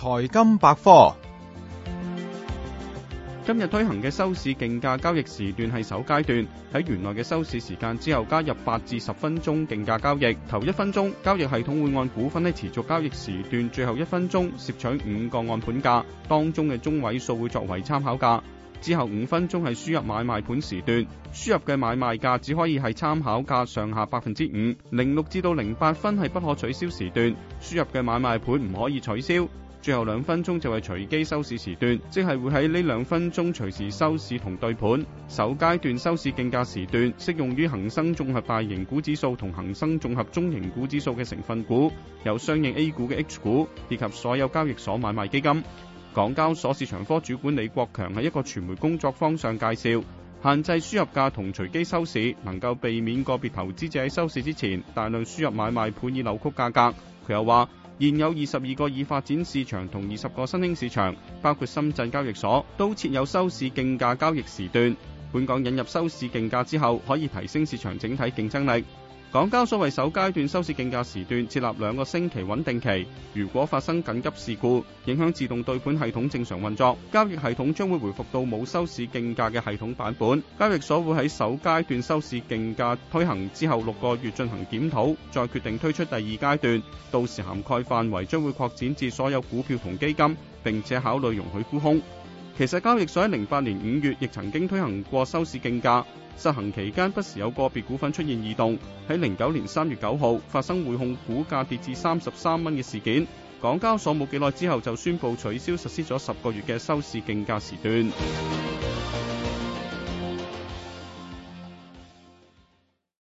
財金百科，今日推行嘅收市競價交易時段係首階段，喺原來嘅收市時間之後加入八至十分鐘競價交易。頭一分鐘，交易系統會按股份喺持續交易時段，最後一分鐘攝取五個按盤價，當中嘅中位數會作為參考價。之後五分鐘係輸入買賣盤時段，輸入嘅買賣價只可以係參考價上下百分之五。零六至到零八分係不可取消時段，輸入嘅買賣盤唔可以取消。最後兩分鐘就係隨機收市時段，即係會喺呢兩分鐘隨時收市同對盤。首階段收市競價時段適用於恒生綜合大型股指數同恒生綜合中型股指數嘅成分股，有相應 A 股嘅 H 股，以及所有交易所買賣基金。港交所市場科主管李國強喺一個傳媒工作坊上介紹，限制輸入價同隨機收市，能夠避免個別投資者喺收市之前大量輸入買賣盤而扭曲價格。佢又話。現有二十二個已發展市場同二十個新興市場，包括深圳交易所，都設有收市競價交易時段。本港引入收市競價之後，可以提升市場整體競爭力。港交所為首階段收市競價時段設立兩個星期穩定期，如果發生緊急事故，影響自動對盤系統正常運作，交易系統將會回復到冇收市競價嘅系統版本。交易所會喺首階段收市競價推行之後六個月進行檢討，再決定推出第二階段，到時涵蓋範圍將會擴展至所有股票同基金，並且考慮容許沽空。其實交易所喺零八年五月亦曾經推行過收市競價，實行期間不時有個別股份出現異動。喺零九年三月九號發生匯控股價跌至三十三蚊嘅事件，港交所冇幾耐之後就宣布取消實施咗十個月嘅收市競價時段。